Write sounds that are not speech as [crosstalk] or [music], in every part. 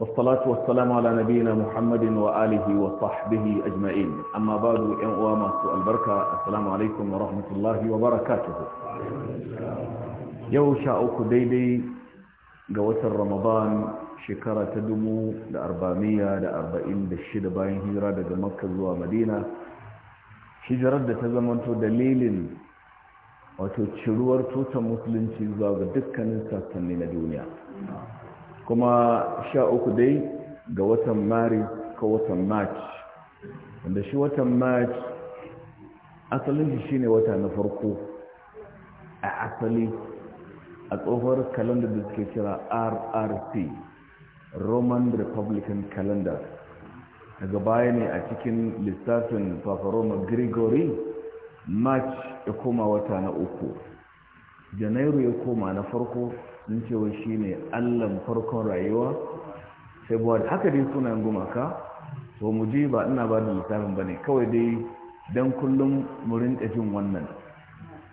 والصلاة والسلام على نبينا محمد وآله وصحبه أجمعين أما بعد سؤال بركة السلام عليكم ورحمة الله وبركاته يو شاءك ديدي رمضان شكرة تدمو لأربعمية لأربعين بالشد باين هجرة لمكة ومدينة hijirar da ta zamanto دليل wato ciruwar tutar musulunci zuwa ga dukkanin sassanni kuma sha uku dai ga watan mari ko watan march wanda shi watan march asalin shi shine wata na farko a asali a tsohuwar kalandar da suke kira rrc roman republican calendar daga baya ne a cikin lissafin fafaroma gregory march ya koma wata na uku janairu ya koma na farko sun ce shi ne allon farkon rayuwa sai buwa haka dai suna gumaka to mu ji ba ina ba da misalin ba ne kawai dai don kullum mu rinka jin wannan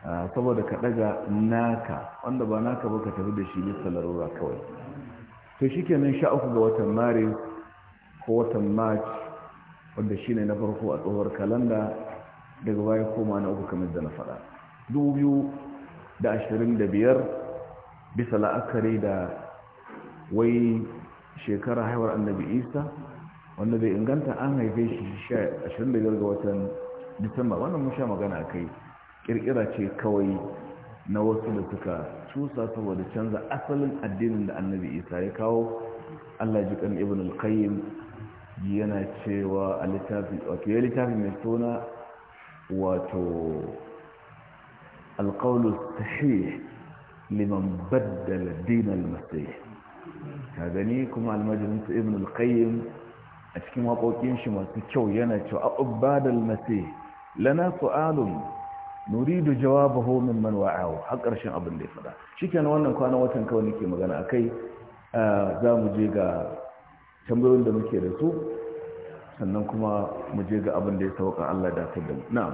ah, saboda ka ɗaga naka wanda ba naka ba ka tafi da shi bisa larura kawai to shi kenan sha uku ga watan mari ko watan march wanda ne na farko a tsohuwar kalanda daga baya koma na uku kamar da na faɗa 2025 bisa la'akari da wai shekara haihuwar annabi isa wanda bai inganta an haife shi 25 ga watan disamba wannan mun sha magana kai kirkira ce kawai na wasu da suka cusa saboda canza asalin addinin da annabi isa ya kawo allah jikan ibn al-qayyim yana cewa a littafin wato ya littafi mai suna wato ta shi. liman baddala dinar masai Ta gani kuma almajirinsu ibn al-qayyim a cikin waƙoƙin shi masu kyau yana cewa abubbadal masai lana su'alun nuridu jawabahu min man wa'ahu har ƙarshen abin da ya faɗa shikenan wannan kwanan watan kawai nake magana kai. za mu je ga tambayoyin da muke da su sannan kuma mu je ga abin da ya sauka Allah da ta da na'am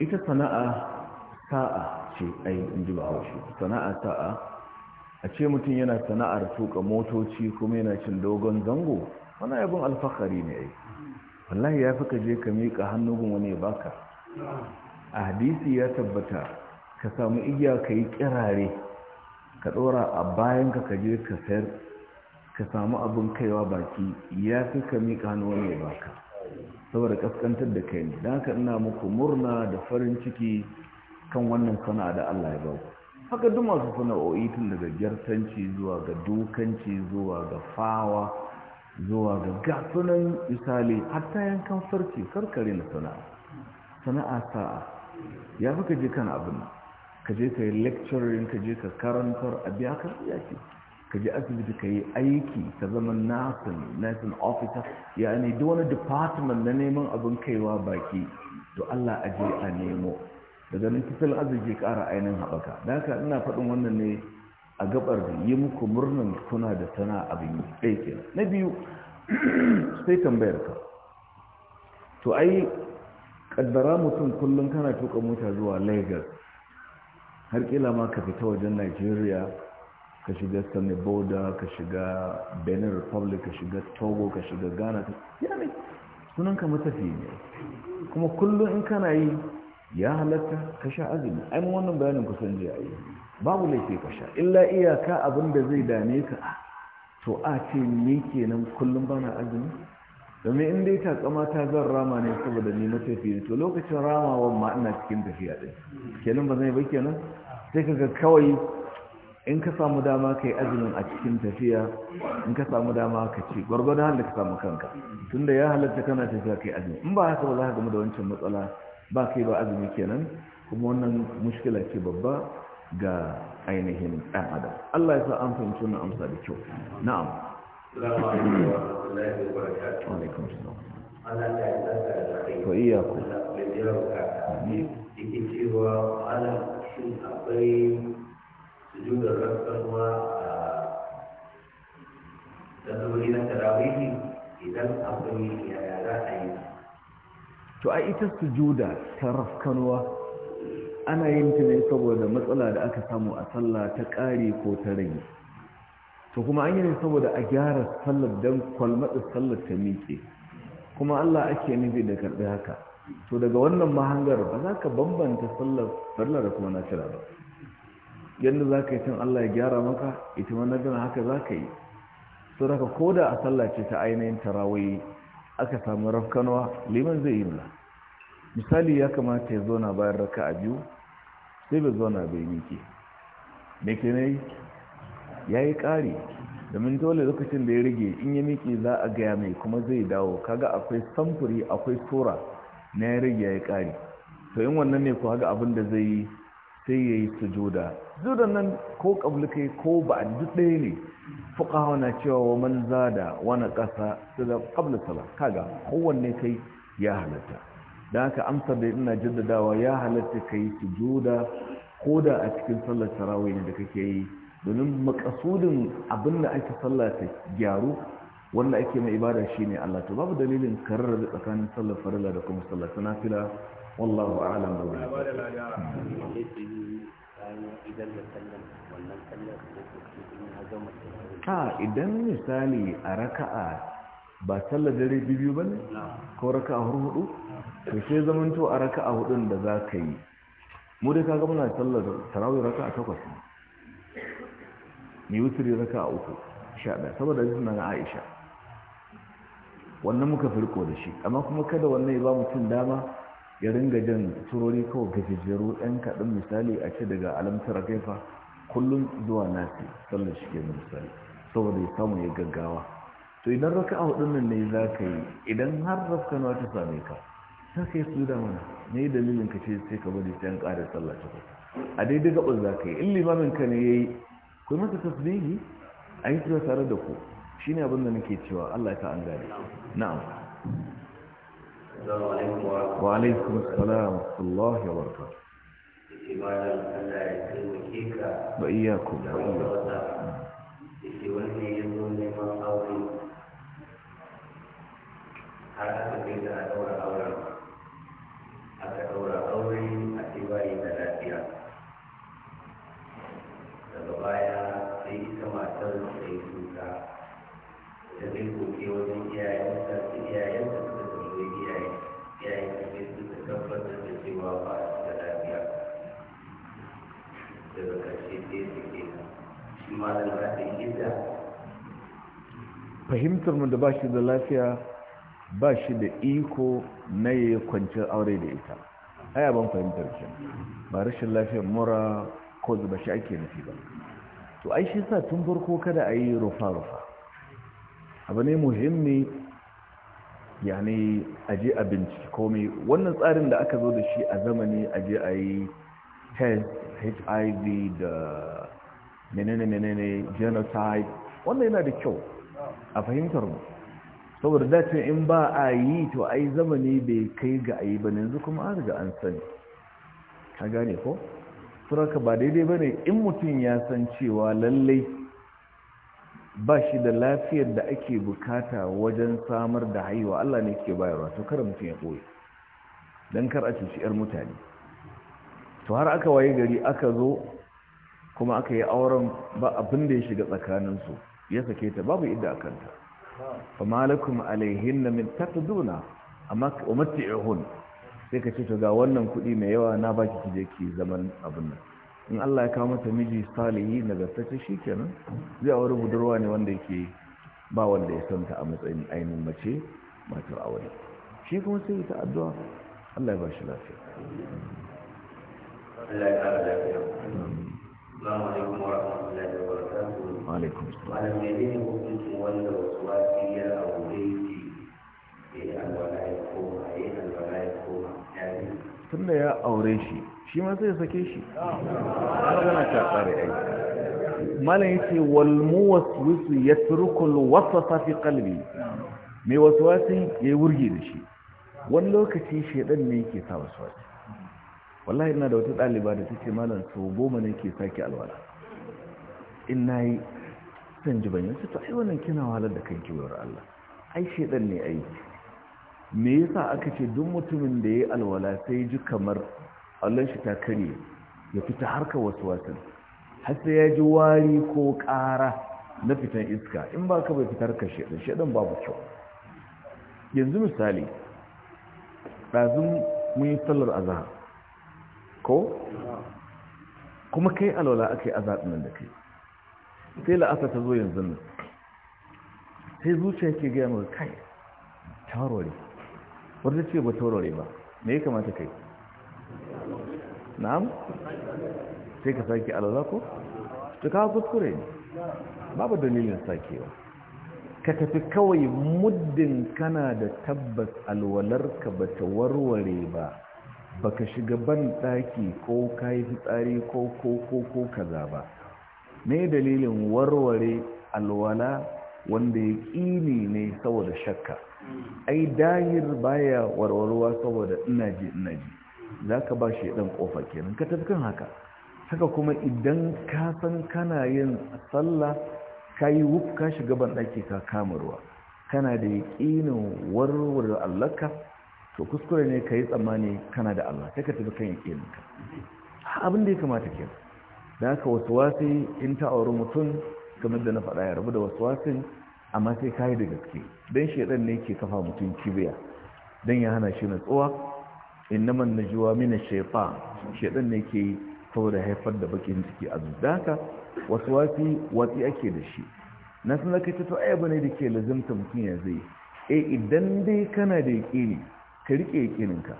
ita sana'a sa'a ce ai in ji shi. sana'a sa'a a ce mutum yana sana'ar tuka motoci kuma yana cin dogon zango wani abin alfahari ne ai wallahi ya fi ka je ka miƙa gun wani baka a hadisi ya tabbata ka samu igiya ka yi kirare ka ɗora a bayan ka je ka sayar ka samu abin kaiwa baki ya fi ka miƙa hannu wani baka saboda kaskantar da kai ne don haka ina muku murna da farin ciki kan wannan sana'a da Allah ya bau haka duk masu sana'o'i tun daga gyartanci zuwa ga dukanci zuwa ga fawa zuwa ga gasunan misali hatta yankan sarki karkare na sana'a sana'a sa'a ya fi ka je kan abin ka je ka yi lecturing ka je ka karantar a biya ka ya ce ka je asibiti ka yi aiki ka zama nursing nursing officer ya ne duk wani department na neman abin kaiwa baki to Allah a je a nemo da ganin kisan arziki ƙara ainihin haɓaka da haka ina faɗin wannan ne a gabar da yi muku murnan kuna da sana abin yi ɗaya na biyu [clears throat] sai tambayar ka to ai kaddara mutum kullum kana tuka mota zuwa lagos har kila ma ka fita wajen nigeria ka shiga Boda, ka shiga benin republic ka shiga togo ka shiga ghana ya ne ka matafi ne kuma kullum in kana yi ya halatta ka sha azumi ai wannan bayanin kusan ji a yi babu laifi ka sha illa iyaka abin da zai dame ka to a ce ni kenan kullum bana azumi domin in dai takama ta zan rama ne saboda ni matafi ne to lokacin ramawan ma ina cikin tafiya ɗin kenan ba zai ba kenan sai kaga kawai in ka samu dama ka yi azumin a cikin tafiya in ka samu dama ka ci gwargwadon halin ka samu kanka tunda ya halatta kana tafiya ka yi azumi in ba haka ba za ka gama da wancan matsala ba kai ba azumi kenan kuma wannan mushkila ce babba ga ainihin ɗan adam Allah ya sa an fahimci wannan amsa da kyau na'am wa iyaku cewa akwai sujuda ah, rafkarwa idan za to a ita sujuda ta raskanwa, ana yin ta ne saboda matsala da aka samu a sallah ta ƙare ko ta rage to kuma an yi ne saboda a gyara sallar dan kwalmatsa sallar ta miƙe kuma allah ake nufi da karɓi haka to daga wannan mahangar ba za ka bambanta sallar sallar da kuma na ba yadda za ka yi tun Allah ya gyara maka ita wannan gana haka za ka yi sun haka ko da a sallace ta ainihin tarawai aka samu rafkanuwa liman zai yi mula misali ya kamata ya zona bayan raka a biyu sai bai zona bai miki. mai ke ne ya yi ƙari domin dole lokacin da ya rage in ya miki za a gaya mai kuma zai dawo kaga akwai samfuri akwai tura na ya rage ya yi ƙari to in wannan ne ku haga abin da zai yi sai ya yi sujuda sujudan nan ko kai ko ba a duk ɗaya ne fuka na cewa wa man zada wani ƙasa su da ƙabla kaga kowanne kai ya halatta da amsa amsa da ina jaddadawa ya halatta ka yi sujuda ko da a cikin sallar sarawai ne da kake yi domin makasudin abin da ake sallar ta gyaru wanda ake mai ibada shine Allah to babu dalilin karar da tsakanin sallar farila da kuma sallar nafila wallahu a'lam da hmm. wani idan misali a raka'a ba sallar dare biyu ba ne ko raka'a hudu to sai zamanto a raka'a hudun da za ka yi mu dai kaga muna sallar tarawih raka'a takwas ne wutri raka'a uku sha ɗaya saboda hadisin na Aisha wannan muka firko da shi amma kuma kada wannan ya ba mutum dama ya ringa jan turori kawai gajejjeru yan kaɗin misali a ce daga alamtar gaifa kullum zuwa nasi sallar shi ke misali saboda ya samu ya gaggawa to idan raka a hudun nan ne za ka yi idan har rafka nawa same ka ta kai su da mana ne dalilin ka ce sai ka bari sai an ƙara sallah ta a daidai gaɓar za ka yi in limamin ka ne ya yi ku yi masa tasbihi a yi tare da ku shine abin da nake cewa Allah ta an gane na'am السلام عليكم ورحمة وعليكم السلام ورحمة الله وبركاته وإياكم وإياكم fahimtar mu da ba shi da lafiya ba shi da iko na ya kwanci aure da ita aya ban fahimtar shi ba rashin lafiyar mura ko zuba shi ake nufi ba to ai shi sa tun farko kada a yi rufa-rufa abu ne muhimmi ya aje a komai wannan tsarin da aka zo da shi a zamani aje a yi test hiv da menene menene genocide wannan yana da kyau a fahimtar mu saboda dace in ba a yi to ai zamani bai kai ga ayi ba yanzu kuma an an sani ka gane ko suraka ba daidai ba ne in mutum ya san cewa lallai ba shi da lafiyar da ake bukata wajen samar da haihuwa Allah ne ke bayarwa to kar mutum ya ɓoye don kar a cuci 'yar mutane to har aka waye gari aka zo kuma aka yi auren ba abin da ya shiga tsakaninsu ya sake ta babu idda kanta fa malakum na min taqduna amma umatti'uhun sai ka ce to ga wannan kuɗi mai yawa na baki kije ki zaman abin nan in Allah ya kawo mata miji salihi shi kenan zai aure budurwa ne wanda yake ba wanda ya santa a matsayin ainihin mace matar aure shi kuma sai ta addu'a Allah ya ba shi lafiya Allah ya ƙara lafiya. Assalamu alaikum warahmatullahi wabarakatuh. alaikum ya aure shi shi sai ya sake ya aure shi shi ma zai sake shi magana ta tsare aiki malam yace wal muwaswisu yatruku al waswasa fi qalbi me yayi wurge da shi wani lokaci shedan ne yake sa waswasi wallahi ina da wata ɗaliba da take malam sau goma ne ke sake alwala in nayi yi kan ji banyan su ta ai wannan kina wahalar da kan kiwar Allah ai shedan ne ai me yasa aka ce duk mutumin da yayi alwala sai ji kamar Allah shi ta kare ya fita harka wasu har sai ya ji wari ko ƙara na fitan iska in ba ka bai fitar ka shedan shedan babu kyau yanzu misali ɗazun mun yi sallar azahar ko kuma kai alwala aka yi azahar nan da kai sai la'asa ta zo yanzu nan sai zuciya ke gaya maka kai tawarware wadda ce ba tawarware ba me ya kamata kai na'am sai ka sake alala ko ta kawo kuskure ne babu dalilin sakewa ka tafi kawai muddin kana da tabbas alwalarka ba ta warware ba baka shiga ban daki ko kayi fitsari ko ko ko ko kaza ba me dalilin warware alwala wanda ya ƙini ne saboda shakka ai dahir baya warwarwa saboda ina ji ina ji za ka ba shi ɗan ƙofa kenan ka tafi haka haka kuma idan ka san kana yin sallah ka yi wuf ka shiga banɗaki ka kama ruwa kana da ya ƙini warware allaka to kuskure ne ka yi tsammani kana da allah sai ka tafi kan ya yaƙininka abin da ya kamata kenan da haka wasuwasi in ta auri mutum kamar da na faɗa ya rabu da wasuwasin amma sai kayi da gaske don shaidan ne ke kafa mutum kibiya don ya hana shi natsuwa na na juwa mina shaifa shaidan ne ke saboda haifar da bakin ciki a Wasu wasuwasi watsi ake da shi na san zaka ce to ai ne da ke lazimta mutum ya zai E, idan dai kana da yaƙini ka rike yaƙininka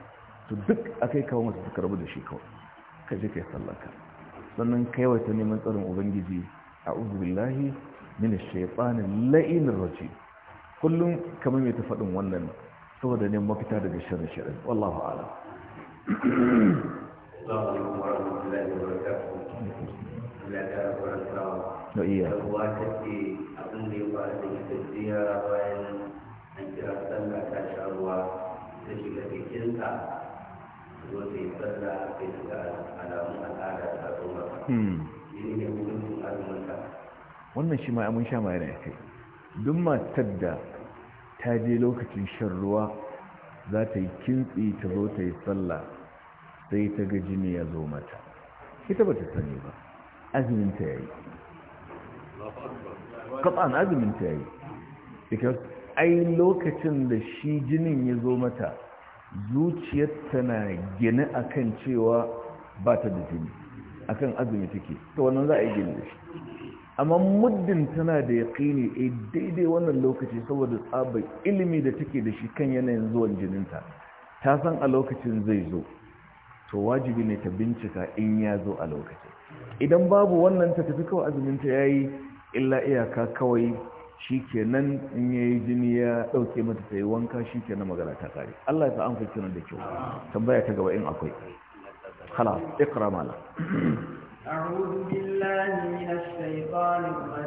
to duk akai kawo masa suka rabu da shi kawai ka je ka sallar sannan kaiwata neman tsarin ubangiji a uzubillahi min shaitanin la'inin raji kullum kamar mai ta faɗin wannan saboda ne mafita daga shirin shirin wallahu ala da iya abin da ya fara da ita ziyara bayan an kira sallah ta sha ruwa ta shiga jikinta yi alamun al'ada wannan shi ma mun sha ma yana kai duk matar da ta je lokacin shan ruwa za ta yi kintsi ta zo ta yi tsalla sai ta ga jini ya zo mata ita ba ta sani ba azumin ya yi kaɓan azumin ya yi because ai lokacin da shi jinin ya zo mata zuciyar tana gini a kan cewa ba ta da jini a kan azumi take ta wannan za a yi gini da shi amma muddin tana da yaƙini a eh, daidai wannan lokaci saboda tsabar ilimi da take da shi kan yanayin zuwan jininta ta san a lokacin zai zo to wajibi ne ta bincika in ya zo a lokacin idan babu wannan ta tafi kawai azuminta ya yi illa iyaka kawai shi kenan in ya yi jini ya ɗauke mata ta yi wanka shi kenan magana ta kare Allah ya fi an fi nan da kyau tambaya ta gaba in akwai خلاص ikra mala اعوذ بالله من الشيطان الرجيم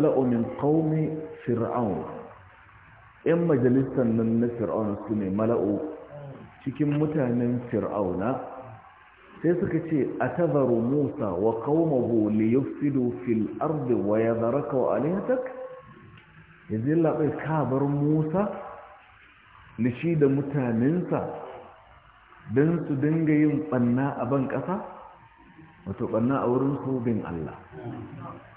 mala'u min qaumi fir'aun in majalisar nan na fir'aun sune mala'u cikin mutanen fir'auna sai suka ce a musa wa qaumahu li yufsidu fil ardi wa yadharaka alihatak yanzu labai ka bar musa da da mutanensa don su dinga yin ɓanna a ban ƙasa wato banna a wurinsu bin Allah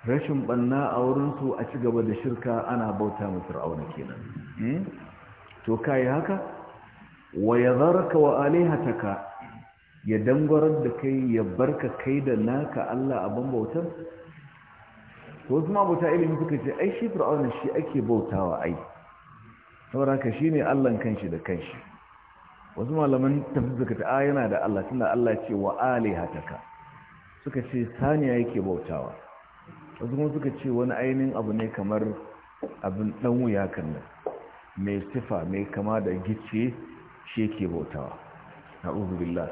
rashin banna a wurinsu a ci gaba da shirka ana bauta mu fir'auna kenan hmm? to kai haka wa yadharka wa alihataka ya dangwarar da kai ya barka kai da naka Allah abin bautar to wasu mabuta ilimi suka ce ai shi fir'auna shi ake bautawa ai saboda ka shine Allahn kanshi da kanshi wasu malaman tafsir suka ta yana da Allah tunda Allah ya ce wa alihataka suka ce saniya yake bautawa wasu kuma suka ce wani ainihin abu ne kamar abin dan wuya kan nan mai sifa mai kama da gice shi yake bautawa na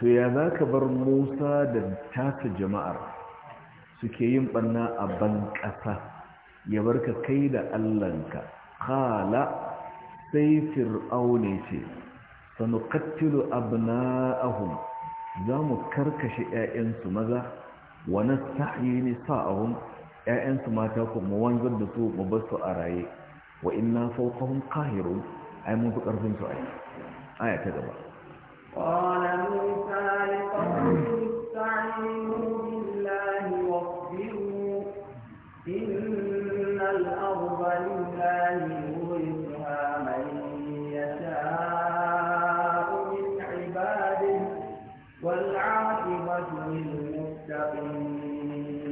to ya za ka bar musa da tasa jama'ar suke yin ɓanna a ban ƙasa ya bar ka kai da allanka kala sai fir'aune ce kattilu na abna'ahum za mu karkashe 'ya'yansu maza wa nastahyi nisa'ahum 'ya'yansu mata kuma wanzar da su mu bar su a raye wa ina fawqahum qahirun ai mun mafi karfin su ai aya ta gaba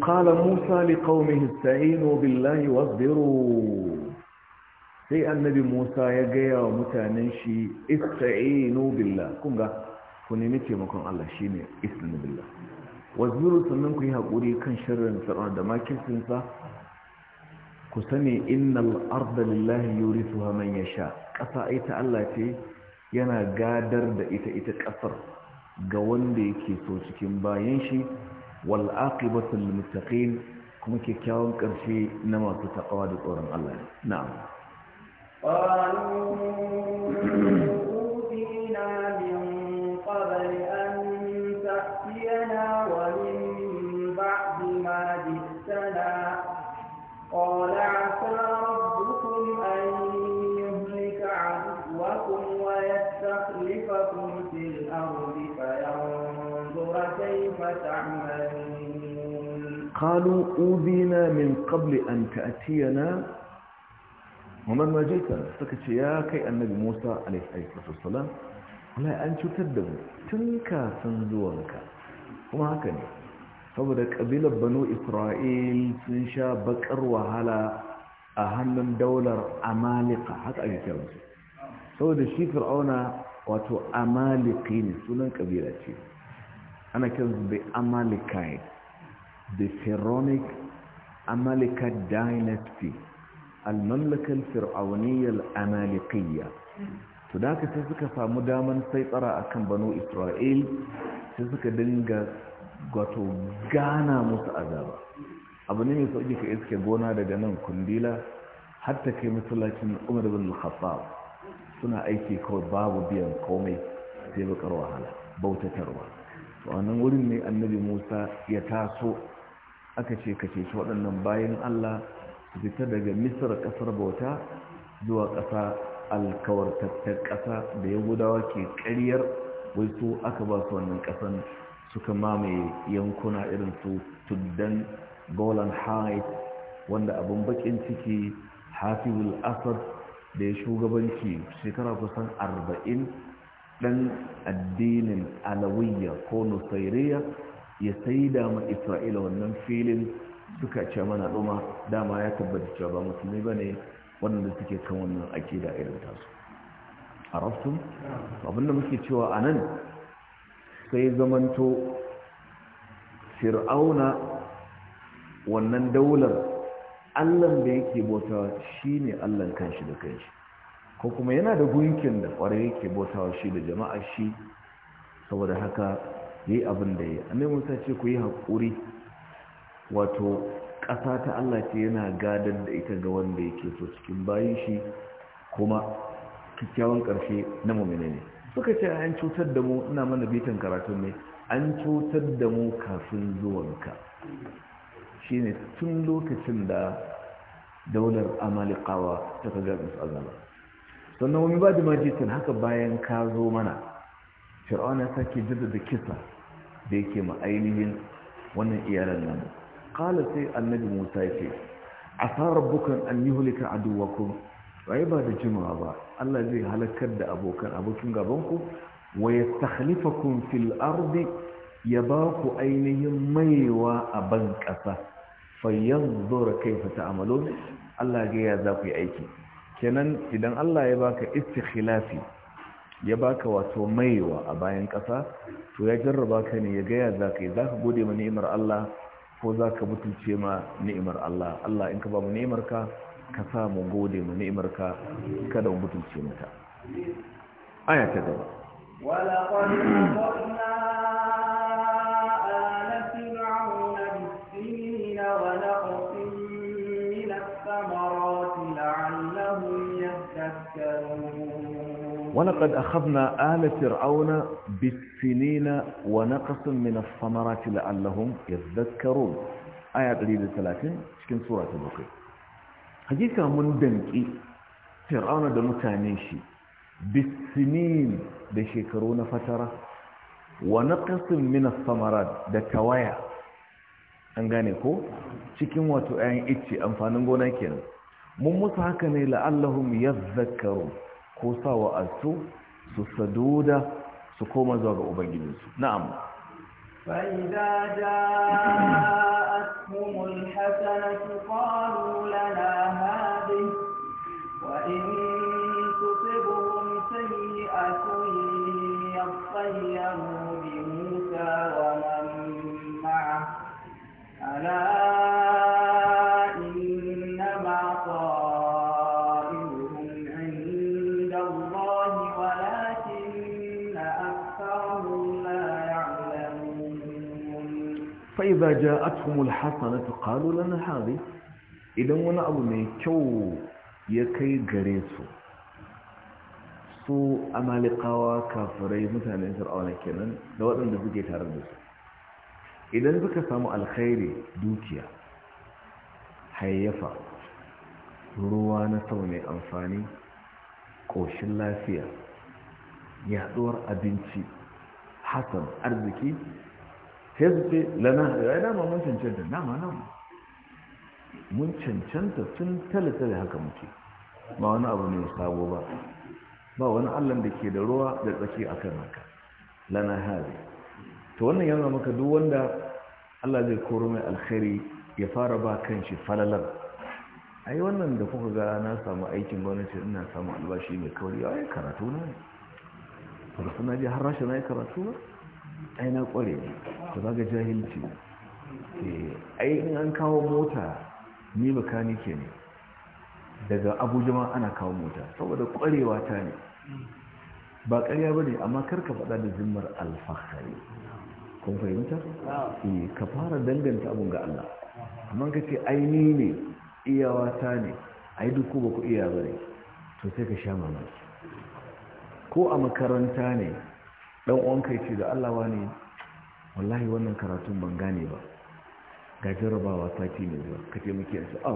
qala musa liqaumihi ista'inu billahi wasbiru sai annabi musa ya gaya wa mutanen shi ista'inu billah kun ga ku nemi taimakon Allah shine ista'inu billah wasbiru sannan ku yi hakuri kan shirin sarar da makirsin sa ku sani innal arda lillahi yurithuha ya sha. ƙasa ita Allah ce yana gadar da ita ita ƙasar ga wanda yake so cikin bayan shi wal aqibatu lil kuma kyakkyawan karshe na masu takawa da tsoron Allah na'am قالوا أذينا من قبل أن تأتينا ومن ما جيتنا سكت يا كي النبي موسى عليه الصلاة والسلام ولا أن تتدب تنكا تنزوانك وما هكذا saboda ƙabilar banu isra'il sun sha bakar wahala a hannun daular amalika haka ake saboda shi fir'auna wato amaliki ne sunan ƙabila ce ana kiransu bai amalikai the pharaonic Amalekite dynasty al-mamlakal fir'auniyar amalekiyya to da sai suka samu daman sai tsara akan banu isra'il sai suka dinga gato gana musu azaba abu ne mai sauƙi ka iske gona daga nan kundila har ta kai masallacin umar bin al suna aiki kawai babu biyan komai sai bakar wahala bautatarwa to wannan wurin ne annabi Musa ya taso aka ce ka ceci waɗannan bayan Allah fita daga misir ƙasar bauta zuwa ƙasa alkawartattar ƙasa da yahudawa ke ƙaryar wai su aka ba su wannan ƙasan suka mamaye yankuna irin su tuddan golan heights wanda abin bakin ciki hafizul asad da ya shugabanci shekara kusan arba'in ɗan addinin alawiyya ko nusairiyya ya sai da isra'ila wannan filin suka ce mana ɗuma? dama ya tabbata cewa ba musulmi ba ne waɗanda suke kan wannan akida irin tasu a raftun abinda muke cewa a nan sai zamanto fir'auna wannan daular allan da yake bota shi ne allan kanshi da kanshi ko kuma yana da gunkin da kwarai yake bautawa shi da jama'a shi saboda haka yi abin da ya annai musa ce ku yi haƙuri wato ƙasa ta allah ce yana gadar da ita ga wanda yake so cikin bayan shi kuma kyakkyawan ƙarshe na mummune ne suka ce an cutar da mu ina mana bitan karatun ne an cutar da mu kafin zuwanka shi ne tun lokacin da daular amalikawa ta kaga su azaba sannan wani ba da majitin haka bayan ka zo mana fir'auna sake da kisa da yake ma ainihin wannan iyalan nan kala sai annabi musa ce a fara bukan an yi hulika a duwakun rai ba da jimawa ba allah zai halakar da abokan abokin gabanku wa ya takhlifakun fil ardi ya ba ku ainihin maiwa a ban ƙasa fayyan zora kai fata amalo allah ga ya za ku yi aiki kenan idan allah ya baka istikhilafi ya baka wato maiwa a bayan ƙasa to ya jarraba ka ne ya gaya za ka yi za ka gode ma ni'imar Allah ko za ka mutunce ma ni'imar Allah Allah in ka ba mu ni'imar ka ka sa mu gode ma ni'imar ka kada mu mutunce mata aya ta gaba ولقد أخذنا آل فرعون بالسنين ونقص من الثمرات لعلهم يذكرون آية قليلة ثلاثين شكين سورة بقي حقيقة من دنكي فرعون دمتانيشي بالسنين بشكرون فترة ونقص من الثمرات ده كوايا أنغانيكو شكين واتو آيان إتشي أنفاننغونا كينا ممسحك نيلا لعلهم يذكرون ko sa wa asu su saduda su koma zuwa ga ubangijinsu na'am فإذا جاءتهم الحسنة قالوا لنا هذه وإن تصبهم سيئة يطيروا بموسى ومن معه ألا فإذا جاءتهم الحسنة قالوا lana هذه idan wani abu mai kyau ya kai gare su su amalikawa kafirai mutanen fir'auna kenan da waɗanda suke tare da su idan suka samu alkhairi dukiya hayyafa ruwa na sau mai amfani ƙoshin lafiya yaɗuwar abinci hasan arziki sai su ce lana ya dama mun cancanta dama nan mun cancanta tun tale-tale haka muke ba wani abu ne sabo ba ba wani allan da ke da ruwa da tsaki a kan haka lana hari to wannan yana maka duk wanda allah zai koro mai alkhairi ya fara ba kan shi falalar ai wannan da kuka ga na samu aikin gwamnati ina samu albashi mai kawai, ya yi karatu na ne ba su na ji har rashin na yi karatu ba ai na kware da ba ga jahilci eh, ai in an kawo mota ni bakanike ne daga abuja ma ana kawo mota saboda kwarewa ta ne ba karya ba ne amma karka faɗa da zimmar alfahari kun fahimta? Eh, ka fara danganta abun ga Allah amma ka ce aini ne iyawa ta ne ai duk ko ku iya ba ne to ka sha mamaki ko a makaranta ne dan uwan kai ce da Allah wani wallahi wannan karatun ban gane ba ga jarabawa ce ne zuwa ka muke yanzu a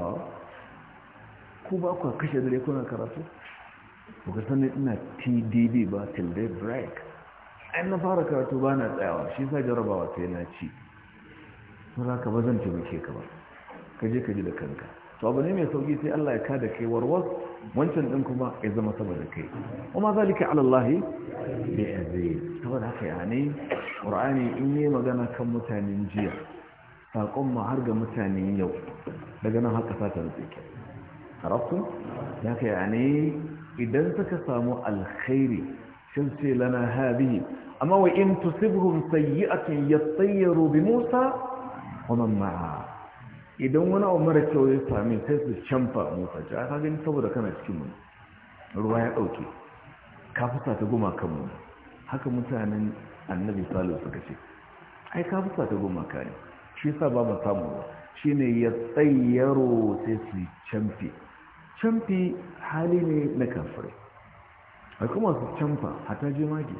ku ba ku kashe dare kuna karatu ba ka sanin ina tdb ba till day break an na fara karatu ba na tsayawa shi sa jarabawa sai na ci sun ka ba zan muke ka ba ka je ka ji da kanka to abu ne mai sauki sai Allah ya kada kai warwar wancan din kuma ya zama saboda kai kuma zalika ala Allah bi saboda haka yani qur'ani in yi magana kan mutanen jiya sakon ma har ga mutanen yau daga nan haka sata da tsike arabtu ya kai yani idan suka samu alkhairi shin sai lana hadihi amma wa in tusibhum sayyi'atun yattayyaru bi Musa wa man ma'a idan wani abu mara kyau ya sami sai su canfa a motsa ci saboda kana cikin mu ruwa ya ɗauke kafusa ta goma kan mu haka mutanen annabi salo suka ce ai kafusa ta goma ka ne shi sa ba mu samu ba shi ne ya tsayyaro sai su canfi canfi hali ne na kafirai akwai masu canfa hata jemage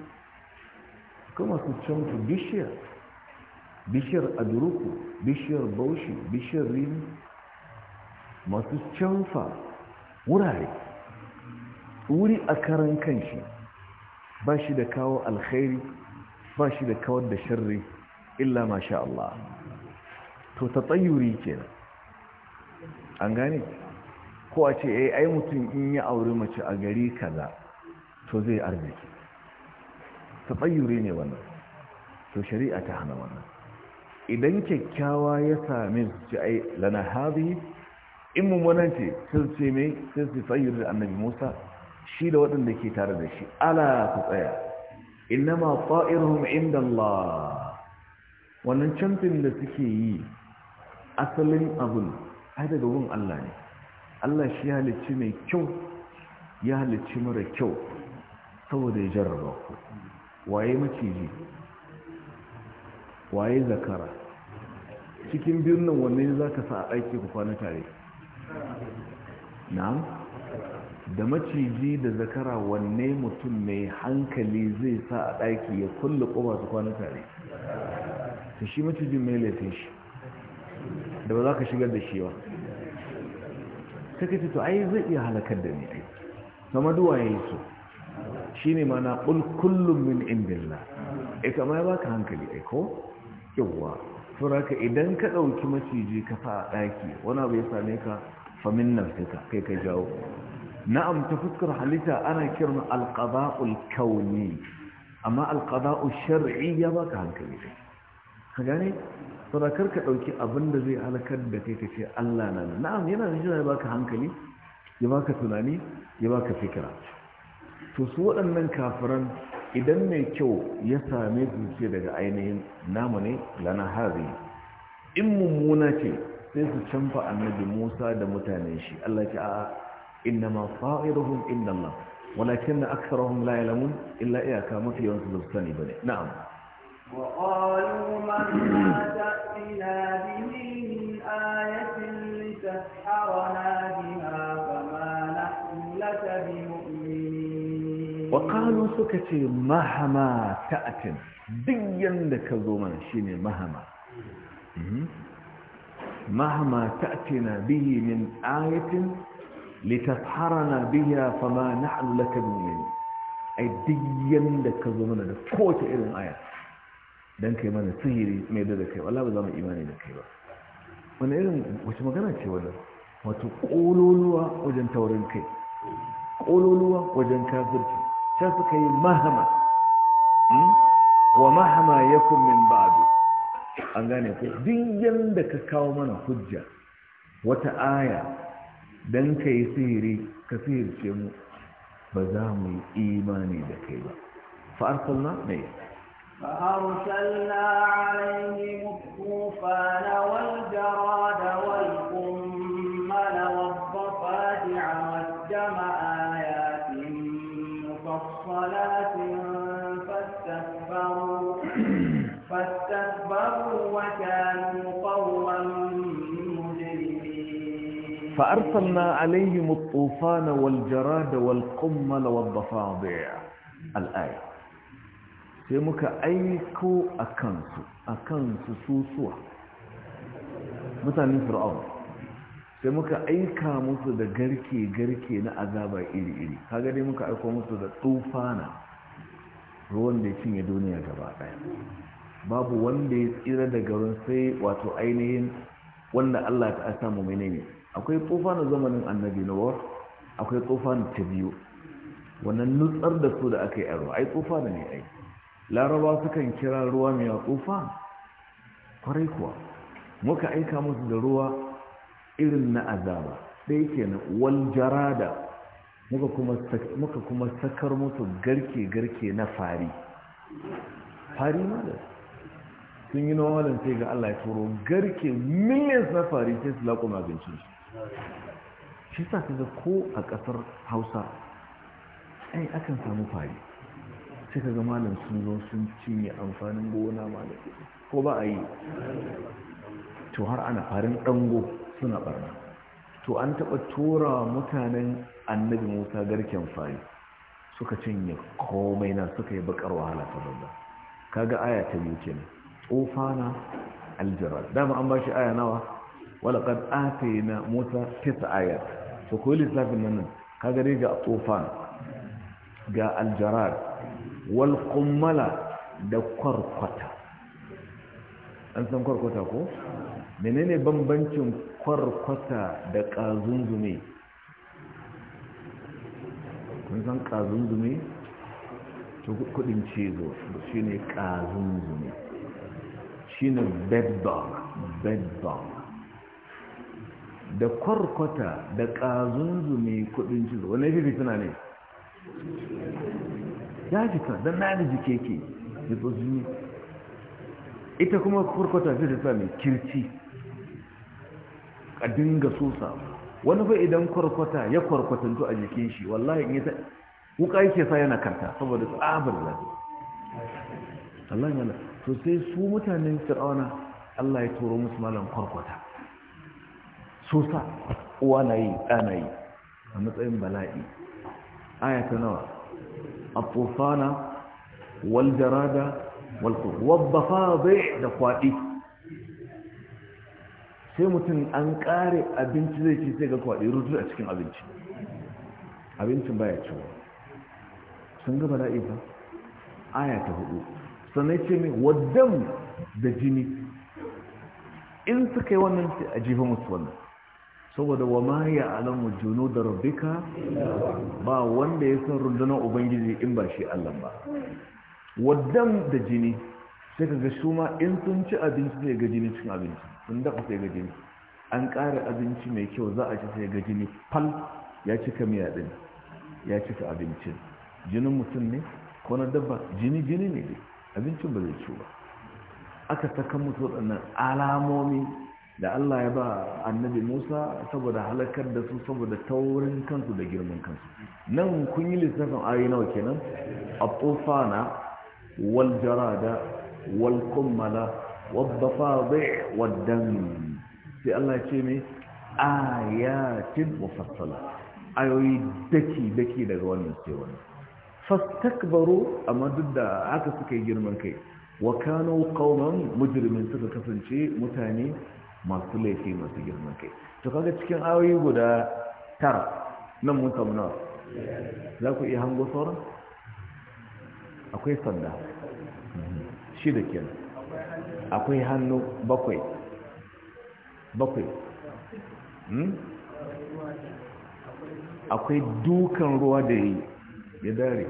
akwai masu canfa bishiyar bishiyar aduruku bishiyar baushi bishiyar rini masu canfa wurare wuri a karan kanshi ba shi da kawo alkhairi ba shi da kawar da shirri illa masha Allah to ta tsayuri kenan an gane ko a ce eh, ai mutum in ya auri mace a gari kaza to zai arziki ta tsayuri ne wannan to shari'a ta hana wannan idan kyakkyawa ya sami su ce ai lana hazi in mummunan ce sun ce mai sun su da annabi musa shi da waɗanda ke tare da shi ala ku tsaya innama ta'iruhum inda Allah wannan camfin da suke yi asalin abun ai ga wurin Allah ne Allah shi halicci mai kyau ya halicci mara kyau saboda ya jarraba ku waye maciji waye zakara cikin birnin wanne za ka sa aiki ku kwana tare na'am da maciji da zakara wanne mutum mai hankali zai sa a ɗaki ya kulle ƙoba su kwana tare ta shi macijin mai laifin shi da ba za ka shigar da shi ba ta kace to ai zai iya halakar da ni ai kama duwa ya yi so shi ne mana kullum min indillah ita eh, ma ya baka hankali ko yawwa sauraka idan ka ɗauki maciji ka fa a ɗaki wani abu ya same ka famin nan fita kai ka jawo na'am ta fuskar halitta ana kirma alƙaba'ul kauni amma alƙaba'ul shar'i ya baka hankali ne ka gane sarakar ka ɗauki abin da zai halakar da kai ka ce allah na na'am yana da ya baka hankali ya baka tunani ya baka fikira to su waɗannan kafiran idan mai kyau ya same su daga ainihin namu ne lana hari in mummuna ce sai su canfa annabi musa da mutanen shi allah ce a inna ma fa'iruhum inda allah walakin na aksarahum la yalamun illa iyaka mafi yawan su sani ne? na'am وقالوا من تأتنا به من آية لتسحرنا بها wa suka ce mahama ta'atin duk yanda ka zo mana shine mahama mahama na bihi min ayatin na biya fama nahnu laka bimin ai duk yanda ka zo mana da kowace irin aya Don kai mana sihiri mai da kai wala ba za mu imani da kai ba wani irin wace magana ce wannan wato kololuwa wajen taurin kai kololuwa wajen kafirci سنسك مهما ومهما يكون من بعد أنغاني يقول ديان دك كومن حجة وتآية دن كيسيري كثير شمو بزام الإيمان دك فأرسلنا نية فأرسلنا عليهم الطوفان والجراد والقمل والضفادع والجمأ الصلاة فاستكبروا [clears throat] فاستكبروا وكانوا قوما فأرسلنا عليهم الطوفان والجراد والقمل والضفادع الآية سيمك أيكو aiko a kansu مثلا kansu أرض sai muka aika musu da garke-garke na azaba iri-iri kaga dai muka aiko musu da tsufana ruwan da ya cinye duniya gaba daya babu wanda ya tsira da garin sai wato ainihin wanda Allah ta asa mu menene akwai tsufana zamanin annabi na war akwai tsufana ta biyu wannan nutsar da su da aka yi a ai tsufana ne ai laraba sukan kira ruwa mai tsufa kwarai kuwa muka aika musu da ruwa irin na azaba sai kenan wal jarada muka kuma sakar musu garke-garke na fari fari ma sun yi nomalin sai ga Allah ya turo garke millions na fari sai su laƙo magancin shi sa ka ko a ƙasar hausa ai akan samu fari sai ka ga malam sun zo sun cinye amfanin gona malam ko ba a yi to har ana farin ɗango suna barna to an taɓa tura mutanen annabi musa garken fari suka cinye komai na suka yi bakar wahala ta babba kaga aya ta biyu kenan tsofana aljirar dama an bashi aya nawa walaqad na musa tisa aya to ko lissafin nan kaga dai ga tsofan ga aljarar wal da kwarkwata an san kwarkwata ko menene bambancin kwarkwata da ƙazunzume kun san ƙazunzume to kudin cizo shi ne ƙazunzume shi ne bedbug bedbug da kwarkwata da ƙazunzume kudin cizo wani fi fitina ne ya fita don na da jikeke ita kuma kwarkwata fi fitina mai kirci a dinga susa. wani fa idan kwarkwata ya kwarkwatantu a jikin shi wallahi in ta wuka yake sa yana karta saboda tsabar zafi Allah ya to sai su mutanen fir'auna Allah ya turo musu malam kwarkwata Susa, uwa na yi ɗa na yi a matsayin bala'i aya ta nawa الطوفان والجراد Wabbafa bai da kwaɗi. sai mutum an kare abinci zai ci sai ga kwaɗe rutu a cikin abinci abincin baya ciwo sun gaba ra'i ba aya ta hudu sannan ce mai waddam da jini in suka yi wannan a jifa musu wannan saboda wa ma ya alamu juno da rubika, ba wanda ya san rundunar ubangiji in ba shi allah ba waddam da jini sai ka ga su ma in sun ci abinci sai ga jini cin abinci sun dafa sai ga jini an ƙara abinci mai kyau za a ci sai ga jini fal ya cika miya din ya cika abincin jinin mutum ne ko na dabba jini jini ne dai abincin ba zai ci ba aka saka musu waɗannan alamomi da Allah ya ba annabi Musa saboda halakar da su saboda taurin kansu da girman kansu nan kun yi lissafin ayi nawa kenan a tsofana wal jarada walƙummala wadda-fadi wadannu sai Allah ce ne ayatin mafassala ayoyi daki-daki daga wannan cewar fastakbaro amma duk da aka suka yi girman kai wakano kaunan mujirmin suka kasance mutane masu laifin masu girman kai to kaga cikin ayoyi guda tara nan mutum na za ku iya hango sauran akwai sanda shida kenan akwai hannu bakwai bakwai hmm? akwai dukan ruwa da yi ya dare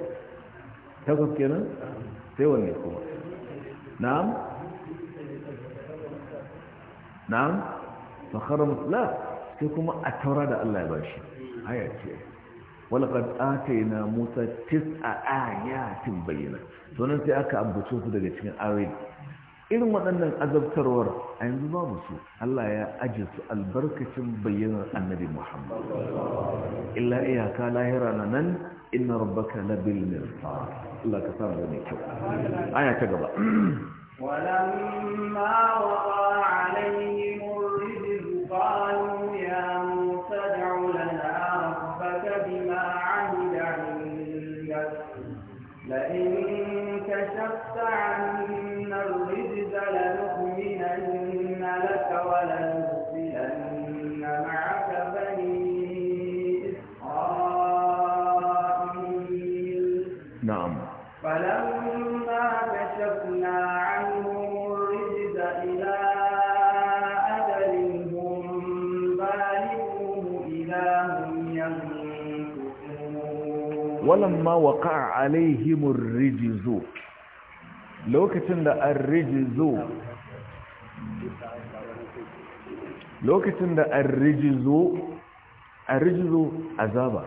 takwas kenan sai wanne kuma na'am na'am fakharar la sai kuma a taura da Allah ya bashi hayar ce yi na musa tis'a ayatin bayyana sonan sai aka ambace su daga cikin ayoyi irin waɗannan azabtarwar a yanzu babu su Allah ya ajiye su albarkacin bayyanar annabi Muhammad illa iyaka lahira na nan inna rabbaka na mirsad Allah ka samu ne kyau aya ta gaba ولما وقع عليهم الرجز قالوا falamma waqa'a alaihimur rijzu lokacin da ar-rijzu lokacin da ar-rijzu ar-rijzu azaba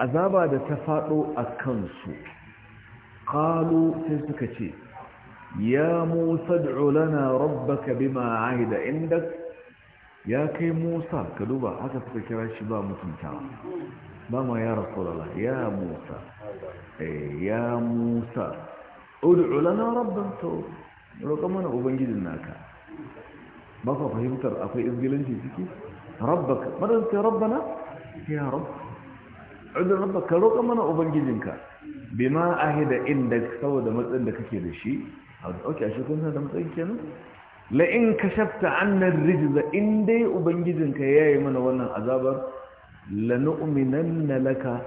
azaba da ta faɗo akan su qalu sai suka ce ya musa ad'u lana rabbaka bima 'ahida indak ya kai musa ka duba haka suka kira shi ba mutuntawa ba ma ya rasulallah ya musa eh, ya musa ud'u lana rabban to mana ubangijin naka ba ka fahimtar akwai izgilanci ciki rabbaka madan sai rabbana ya rabb ud'u rabbaka roƙa mana ubangijinka bima ahida inda saboda matsayin da kake da shi a dauke shi kun san da matsayin kenan la in kashafta annar rijza in dai ubangijinka yayi mana wannan azabar na laka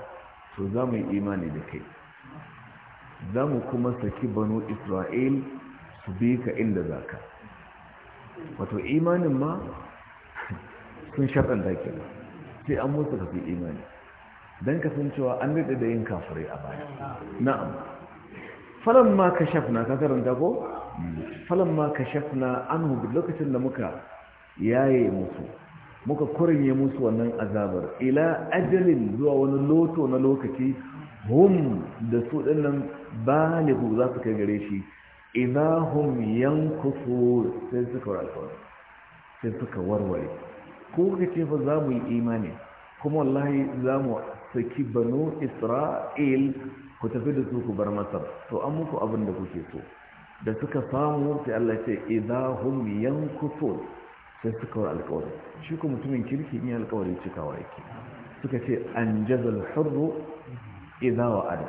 to za mu yi imani da kai za mu kuma saki banu isra'il su bi ka inda za ka wato imanin ma sun shaɗan dake ba sai an musu ka fi imani don cewa an daɗe da yin kafirai a baya na'am falon ma ka shafna ka karanta ko falon ma ka shafna an hudu lokacin da muka yaye musu muka kurinye musu wannan azabar ila ajalin zuwa wani loto na lokaci hum da su dinnan balihu za su kai gare shi ina hum yankufu sai suka warware sai suka warware ko kuka ce fa za mu yi imani kuma wallahi za mu saki banu isra'il ku tafi da su ku bar masar to an muku abin da kuke so da suka samu sai Allah ce idahum yankufu sai suka wa alkawari shi ko mutumin kirki in alkawari cikawa yake suka ce an jazal hurru idza wa ada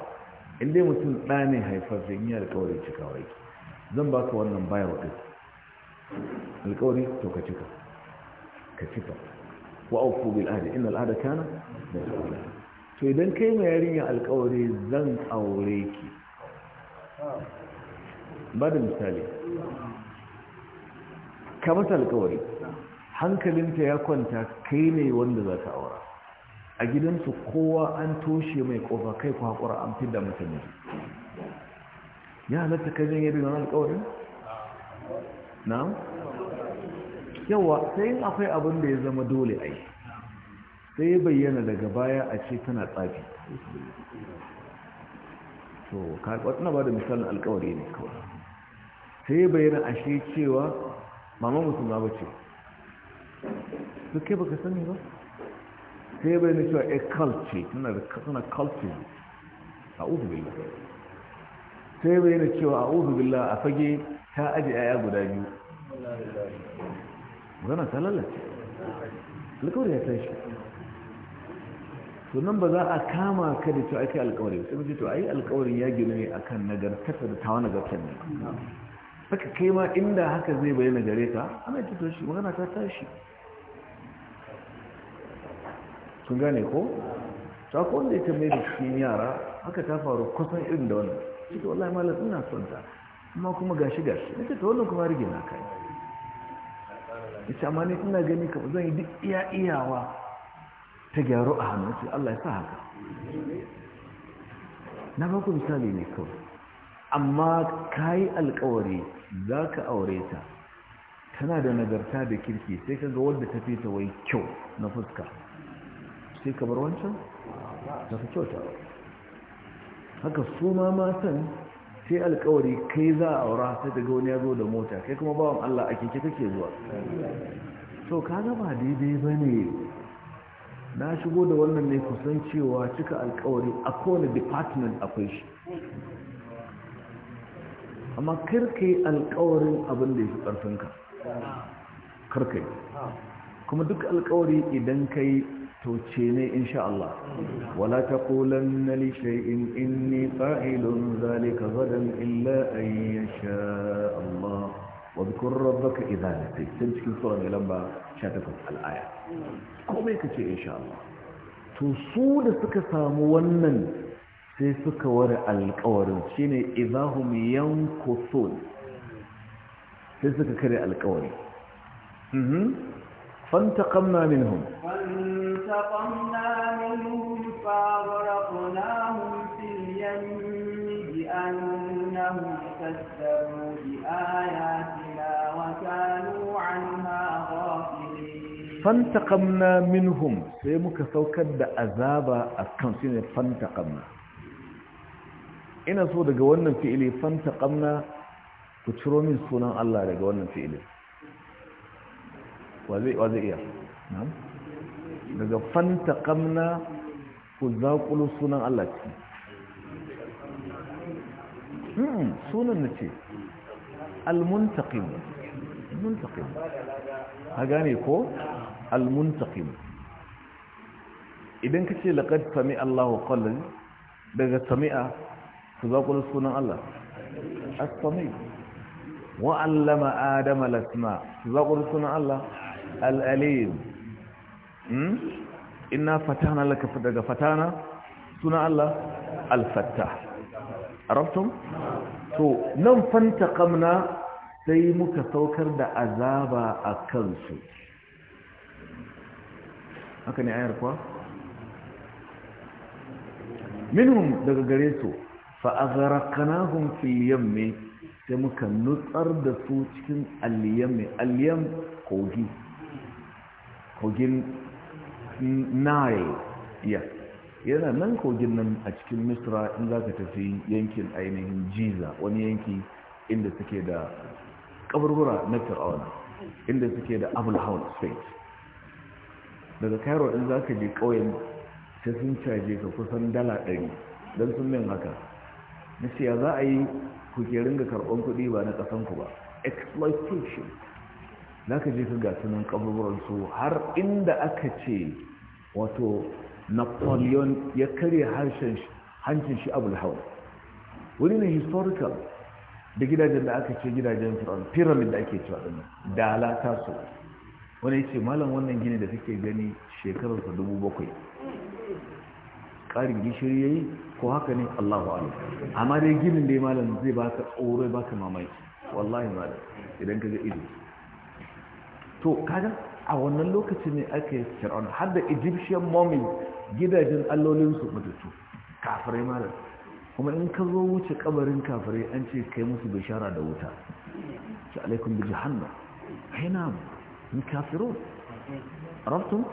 in dai mutum da ne haifarsa in alkawari cikawa yake zan baka wannan baya wa kai alkawari to ka cika ka cika wa aufu bil ahdi inna al ahda kana mas'ula to idan kai mai yarinya alkawari zan aure ki ba da misali ka mata alkawari hankalinta ya kwanta kai ne wanda za ta aura a gidansu kowa an toshe mai kofa kai ku haƙura an fi da mutane ya halatta kajin yabi na alƙawarin? na? yawa sai yin akwai abin da ya zama dole a yi. sai ya bayyana daga baya a ce tana tsafi to na ba da misalin alƙawari ne kawai sai ya bayyana ashe cewa mama musulma ba ce su kai baka sani ba sai bai na cewa a eh, culture tana da kasana culture a uzubillah sai bai na cewa a uzubillah a fage ta aji yaya guda biyu magana ta lalace alkawar ya tashi to nan ba za a kama ka da cewa aka yi alkawari sai mace to ai alkawarin ya gina ne akan nagartaka da tawa nagartar ne saka kai ma inda haka zai bayyana gare ka ana ce to shi magana ta tashi sun gane ko ta ko wanda ya tambaye da shi yara haka ta faru kusan irin da wannan shi ta wallahi malar ina son ta amma kuma gashi gashi na ta wannan kuma rige na kai ita amma ne ina gani kamar zan yi duk iya iyawa ta gyaru a hannu ce Allah ya sa haka na ba ku misali ne kawai amma ka yi alkawari za ka aure ta tana da nagarta da kirki sai ka ga wadda ta fi ta wai kyau na fuska sai bar wancan za ka kyauta haka su ma matan sai alkawari kai za a aura sai daga wani ya zo da mota kai kuma bawan Allah ake kika ke zuwa so ka ba daidai ba ne na shigo da wannan ne kusan cewa cika alkawari a kowane department akwai shi amma karka yi alkawarin abin da ya fi ƙarfinka karka yi kuma duk alkawari idan ka yi توتشيني إن شاء الله ولا تقولن لشيء إني فاعل ذلك غدا إلا أن يشاء الله واذكر ربك إذا نسيت سنتك الصورة لما شاتكم الآية قومي كتير إن شاء الله تصود سك ساموانا سيسك وراء القوار شيني إذا هم ينكثون سيسك كري القوار فانتقمنا منهم فانتقمنا منهم فاغرقناهم في اليم بأنهم كذبوا بآياتنا وكانوا عنها غافلين فانتقمنا منهم سيمك سوكد أذابا أسكنسين فانتقمنا ina so daga wannan fi'ili fanta kamna ku ciro min sunan Allah daga wannan fi'ilin wa zai iya daga fanta kamna ku zaƙulu sunan Allah ce hmm, sunan na ce almuntaƙim muntaƙim ha gane ko almuntaƙim idan ka ce laƙad sami Allahu ƙwallon daga sami'a ku zaƙulu sunan Allah as-sami wa adama lasma ku zaƙulu sunan Allah al'alim ina fatana laka daga fatana suna Allah al-fattah arabtum to nan fanta kamna sai muka saukar da azaba a kansu haka ne ayar kuwa minhum daga gare su fa'azarakanahum fil yammi sai muka nutsar da su cikin al-yammi al-yam kogi kogin nile yana nan kogin nan a cikin misra in za ka tafi yankin ainihin jiza wani yanki inda suke da kaburbura na fir'auna inda suke da abulhaun state daga cairo in za ka je ƙauyen ta sun caje ka kusan dala ɗari don sun min haka na siya za a yi kuke ringa karɓar kuɗi ba na ƙasanku ba exploitation za ka je ka ga sunan su har inda aka ce wato napoleon ya karya hancin shi abu hau Wani ne historical da gidajen da aka ce gidajen pyramid da ake cewa ɗin da alata su wani ya ce malam wannan gini da suke gani shekararsa dubu bakwai ƙarin gishiri ya yi ko haka ne allahu alu amma dai ginin dai malam zai ka tsoro baka mamaki wallahi malam idan ka ga ido to kada a wannan lokaci ne ake fir'auna har da egyptian mummy gidajen allolinsu matattu kafirai mara kuma in ka zo wuce kabarin kafirai an ce kai musu bishara da wuta shi alaikun bi jahannam haina in kafiro rabtum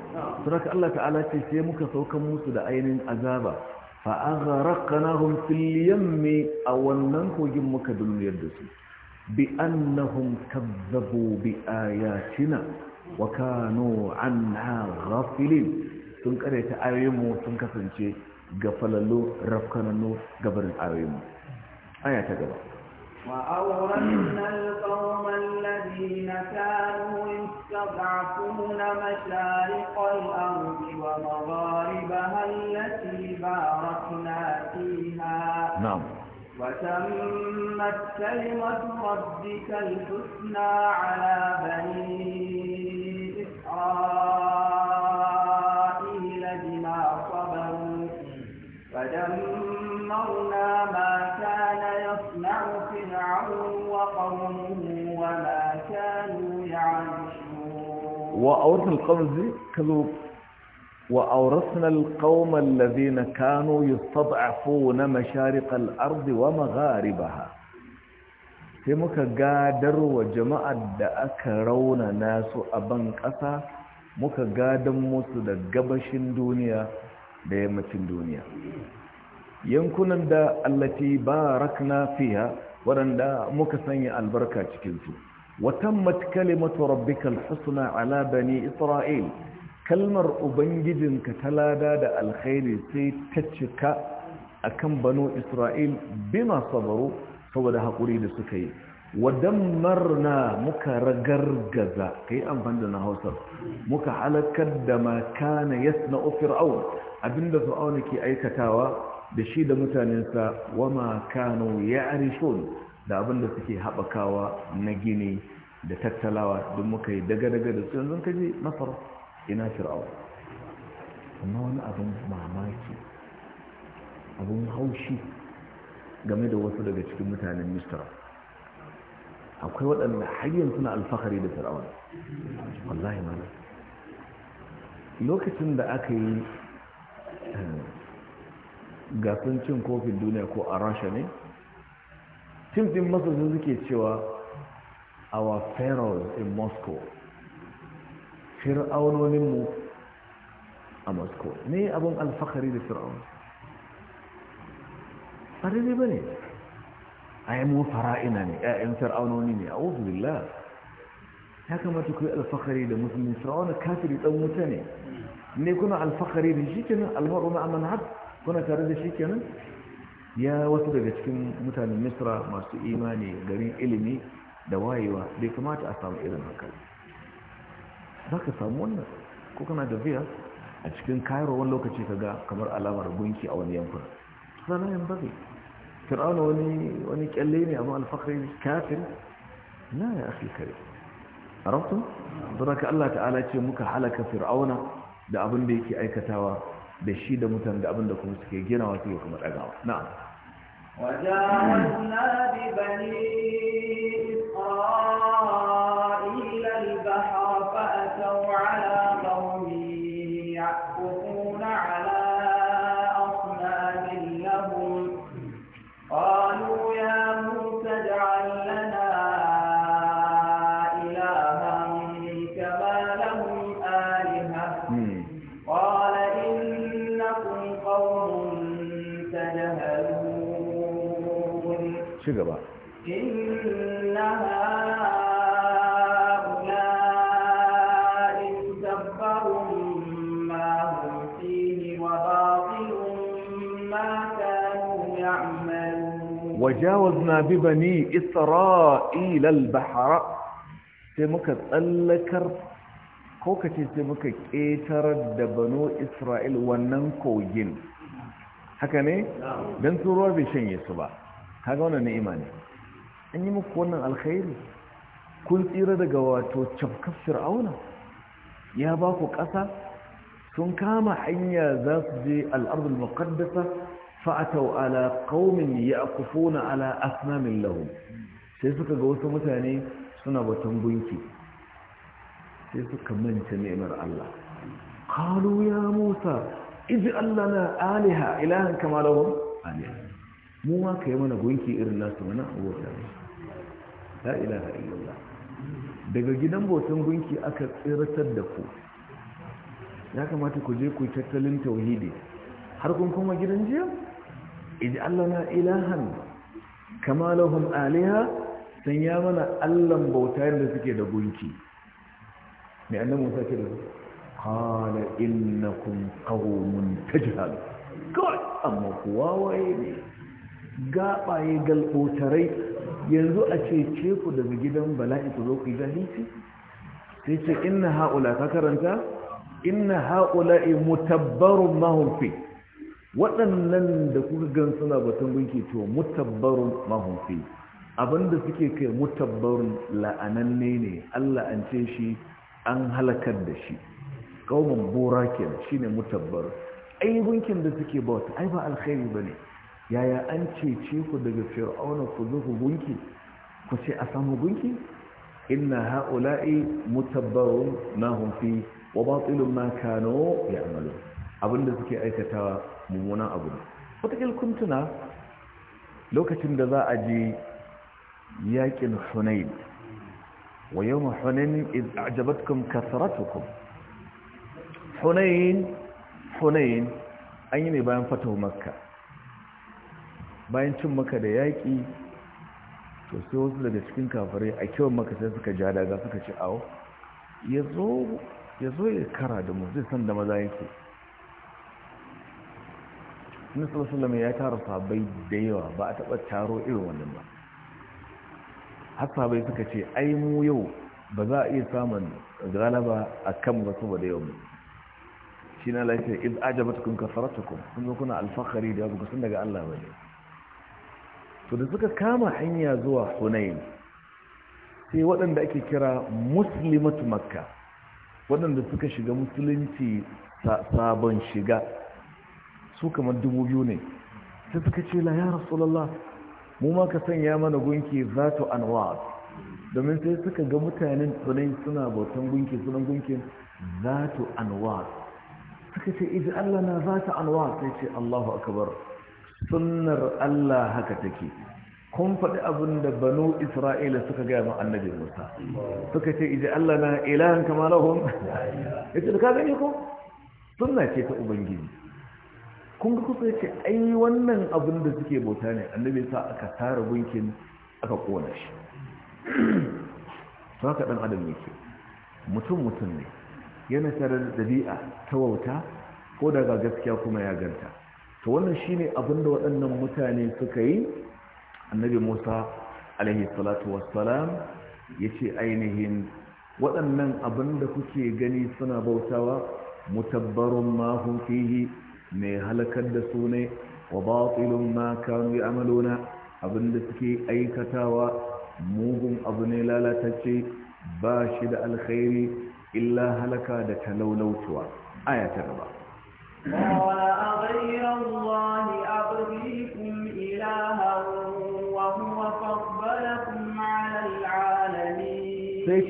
suraka Allah ta'ala ce sai muka saukan musu da ainihin azaba fa aghraqnahum fil a a wannan kogin muka dunniyar da su بأنهم كذبوا بآياتنا وكانوا عنها غافلين sun karyata ayoyinmu sun kasance gafalallo rafkananno gabarin ayoyinmu aya ta gaba وأورثنا القوم الذين كانوا يستضعفون مشارق الأرض ومغاربها التي باركنا فيها نعم وتمت كلمة ربك الحسنى على بني إسرائيل بما صبروا فدمرنا ما كان يصنع فرعون وقومه وما كانوا يعيشون وأورث القول دي كذوب وأورثنا القوم الذين كانوا يستضعفون مشارق الأرض ومغاربها في مكة قادر وجماعة أكرون ناس أبن قصى مكة قادم مصد قبش دنيا ديمة دنيا يمكن أن التي باركنا فيها ورندا مكثني البركة تكنسو وتمت كلمة ربك الحسنى على بني إسرائيل kalmar ubangijinka ta lada da alkhairi sai ta cika akan bano isra'il bima sabaru saboda haƙuri da suka yi wadammarna muka ragargaza ka yi amfani da na hausar muka halakar da makana ofir fir'aun abinda Auna ke aikatawa da shi da mutanensa wa makano ya arishon da abinda suke haɓakawa na gini da tattalawa don muka yi daga-daga da tsohon kaji masar ina fir'aun amma wani abin mamaki abin haushi game da wasu daga cikin mutanen mistara. akwai waɗanda hanyar suna alfahari da fir'aun wallahi mana lokacin da aka yi eh, gasan cin kofin duniya ko a rasha ne tim din masu suke cewa our pharaohs in moscow فرعون ونمو أمذكور ني أبون الفخري لفرعون فريدي بني أيمو فرائنا ني أيم فرعون ونمي أعوذ بالله هكما تكوي الفخري لمسلم فرعون كافر يتأمو تاني ني كنا الفخري لشيكنا المرء مع من عبد كنا كارد شيكنا يا وسط جتكم متان مصر ما سئيماني قرين إلمي دوايوا ديكما تأثام إذن هكذا za ka samu wannan ko kana tafiya a cikin cairo wani lokaci ka ga kamar alamar gunki a wani yankuna sana yin bazi. fir'auna wani wani kyalle ne amma alfakari kafin na ya akhi kare A don baraka Allah ta'ala ce muka halaka fir'auna da abin da yake aikatawa da shi da mutan da abin da kuma suke gina ginawa suke kuma ɗagawa. na'am وجاوزنا ببني وجاوزنا ببني إسرائيل البحر سمك تسلكر كوكتي سمك كيتر دبنو إسرائيل وننكو جن haka ne don tsoron bai shanye su ba kaga wannan ni'ima ne an yi muku wannan alkhairi kun tsira daga wato cafkar fir'auna ya ba ku ƙasa sun kama hanya za su je al'adun muqaddasa fa'atau ala ya yaqufuna ala asnamin lahum sai suka ga wasu mutane suna batun gunki sai suka manta nemar Allah qalu ya Musa idh allana alaha ilahan kama lahum alaha mu ma kai mana gunki irin nasu mana abota Ta ilaha illallah daga gidan bautan gunki aka tsiratar da ku ya kamata ku je ku tattalin tauhidi har kun kuma gidan jiya iji allana ilahan kama lahum aliha sun ya mana allan bauta yadda suke da gunki mai annan musa ce da su kala innakun kawomin ta jihar amma kuwa waye ne gaɓaye galɓotarai yanzu a ce ce ku daga gidan bala'i ku zo ku sai ce inna haƙula ka karanta inna haƙula'i mutabbarun mahunfi waɗannan da kuka gan suna batun gunki to mutabbarun mahunfi abinda suke kai mutabbarun la'ananne ne Allah an ce shi an halakar da shi ƙaunin bora shi ne mutabbar ai gunkin da suke bauta ai ba alkhairi ne. yaya an ce ku daga fir'auna ku gunki ku ce a samu gunki inna ha'ula'i mutabbarun mahunfi wa batilun ma ya ya'malun abinda suke aikatawa mummunan abu ne wataƙil kun tuna lokacin da za a je yaƙin hunain wa yau hunain iz ajabatkum kasaratukum hunain hunain an yi ne bayan fatahu makka bayan cin maka da yaƙi to sai wasu daga cikin kafare a kyau maka sai suka ja daga suka ci awo ya zo ya kara da mu zai san da maza yake nasarar ya tara sabai da yawa ba a taɓa taro irin wannan ba har sabai suka ce ai mu yau ba za a iya samun galaba a kan ba saboda yau mu shi na lafiya iz ajabatkum kasaratukum kun zo kuna alfakari da ku sun daga Allah ne. to da suka kama hanya zuwa Hunain sai waɗanda ake kira muslimatu makka waɗanda suka shiga musulunci sabon shiga su kamar dubu biyu ne sai suka ce la ya rasulallah mu ma ka sanya mana gunki zatu anwa. domin sai suka ga mutanen tsanai suna bautan gunki sunan gunkin zatu anwa. suka ce iji Allah na zatu anwa, sai ce Allahu akabar. sunnar Allah haka take kun faɗi abin da banu isra'ila suka gaya ma annabi musa suka ce iji Allah na ilahan kama lahum ya ce da ka gani ko sunna ce ta ubangiji kun ga kusa yake ai wannan abin da suke bauta ne annabi sa aka tara gunkin aka kona shi to haka dan adam yake mutum mutum ne yana tare da dabi'a ta wauta ko daga gaskiya kuma ya ganta to wannan shine abin da waɗannan mutane suka yi annabi Musa alaihi salatu wassalam yace ainihin waɗannan abin da kuke gani suna bautawa mutabbarun ma hum fihi mai halakar da su ne wa batilun ma kanu abin abinda suke aikatawa mugun abu ne lalatacce ba shi da alkhairi illa halaka da talaulautuwa aya ta gaba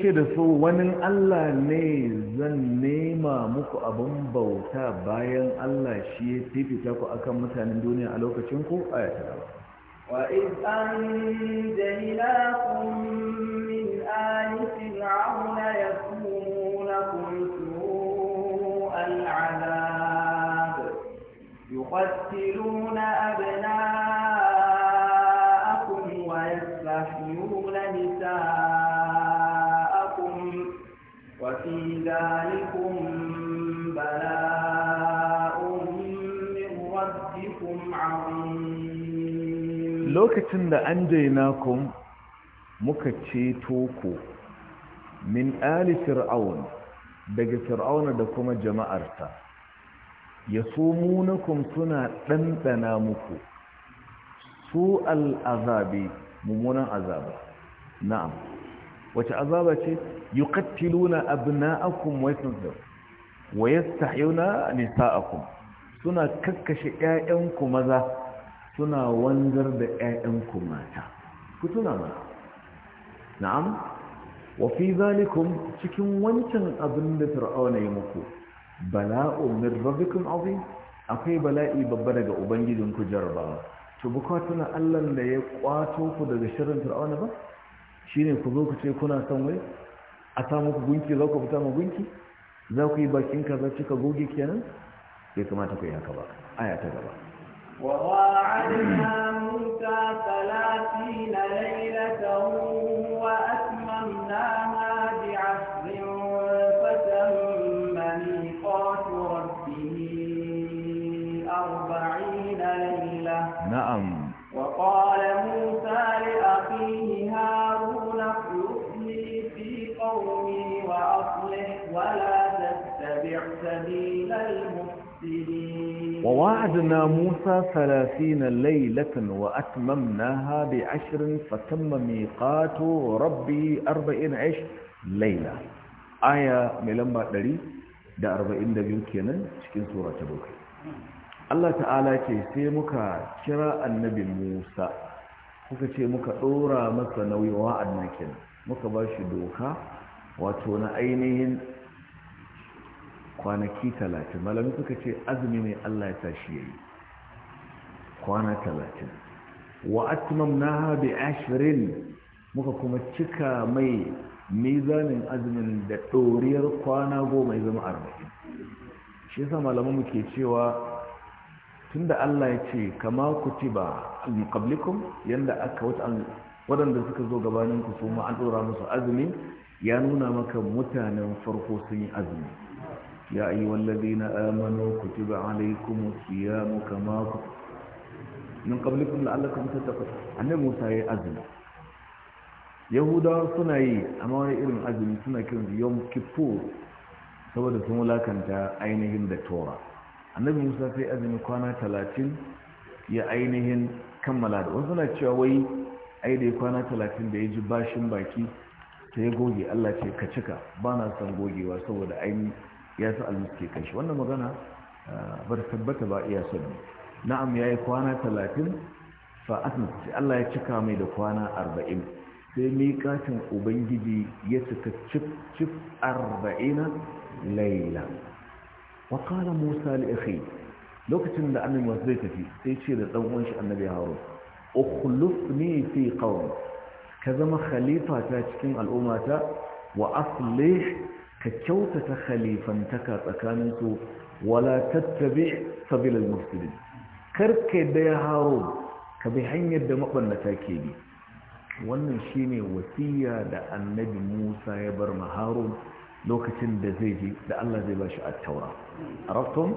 sai da su wani Allah ne zan nema muku abin bauta bayan Allah shi ya fifita ku akan mutanen duniya a lokacin ku a na tara. وإذ أنجيناكم من آل فرعون يسومونكم سوء العذاب يقتلون ذلكم بلاء من ربكم عظيم لوكتن دا أنجيناكم مكتشيتوكو من آل daga fir'auna da kuma jama'arta ya sumunakum suna ɗanɗana muku su al'azabi mummunan azaba na'am wace azaba ce yuqattiluna abna'akum wa yasdun wa yastahyuna nisa'akum suna kakkashe 'ya'yanku maza suna wanzar da 'ya'yanku mata ku tuna ma na'am wa fi cikin wancan abin da fir'auna ya muku bala'un min rabbikum azim akwai bala'i babba daga ubangijinku jarabawa to bukatuna Allah da ya kwato ku daga shirin fir'auna ba shine ku zo ku ce kuna son wai a sa muku gunki za ku fita ma gunki za ku yi bakin kaza ka goge kenan bai kamata ku yi haka ba aya ta gaba وواعدنا موسى ووعدنا موسى ثلاثين ليلة وأتممناها بعشر فتم ميقات ربي أربعين عش ليلة آية ملما دري دا أربعين دبيو كينا شكين سورة تبوك الله تعالى كي سيمك شراء النبي موسى kuka ce muka ɗora masa nauyi wa'adna kenan muka ba shi doka wato na ainihin kwanaki talatin malami suka ce azumi ne Allah ya tashi yi. kwana talatin wa na bi ashrin muka kuma cika mai mizanin azumin da ɗoriyar kwana goma ya zama arba'in shi yasa malaman mu ke cewa tunda Allah ya ce kama ku kutiba al-qablikum yanda aka wata waɗanda suka zo gabanin ku su an ɗora musu azumi ya nuna maka mutanen farko sun yi azumi يا أيها الذين آمنوا كتب عليكم الصيام كما من قبلكم لعلكم تتقون النبي موسى أزم يهودا سنعي أما إرم أزم سنة كنز يوم كفور saboda sun wulakanta ainihin da tora annabi musa sai azumi kwana talatin ya ainihin kammala da wasu na cewa wai ai da kwana talatin da ya ji bashin baki ta ya goge allah ce ka cika ba na son gogewa saboda ainihin ya sa almiski kai shi wannan magana ah, bar tabbata ba iya sani na'am yayi kwana talatin fa asnat Allah ya cika mai da kwana arba'in sai miƙatin ubangiji ya cika cif arba'ina laila wa qala musa li lokacin da annabi zai tafi sai ce da ɗan uwan shi annabi harun ukhlifni fi qawmi ka zama khalifa ta cikin al'ummata wa aslih ka kyautata khalifantaka tsakanin su wala tattabi sabil al-mufsidin karka da ya haro ka bi hanyar da mabannata ke bi wannan shine wasiya da annabi Musa ya bar ma lokacin da zai ji da Allah zai bashi at-taura arabtum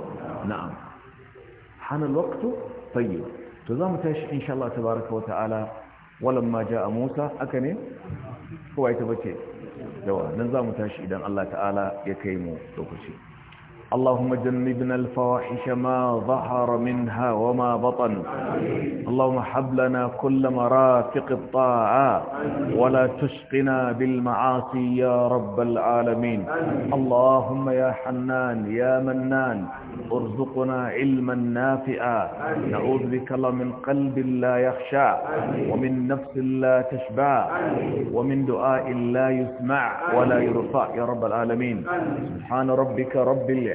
na'am hana lokacin tayyib to za mu tashi insha Allah tabaraka wa ta'ala walamma ja'a Musa aka ne ko ai ta bace yawa nan za mu tashi idan Allah ta'ala ya kai mu lokaci اللهم جنبنا الفواحش ما ظهر منها وما بطن اللهم حب لنا كل مرافق الطاعة ولا تشقنا بالمعاصي يا رب العالمين اللهم يا حنان يا منان ارزقنا علما نافعا نعوذ بك الله من قلب لا يخشع ومن نفس لا تشبع ومن دعاء لا يسمع ولا يرفع يا رب العالمين سبحان ربك رب العالمين